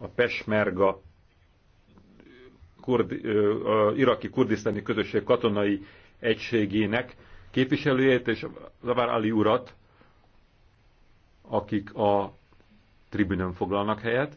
a Pesmerga kurdi, a iraki kurdisztáni közösség katonai egységének képviselőjét és Zavár Ali urat, akik a tribünön foglalnak helyet.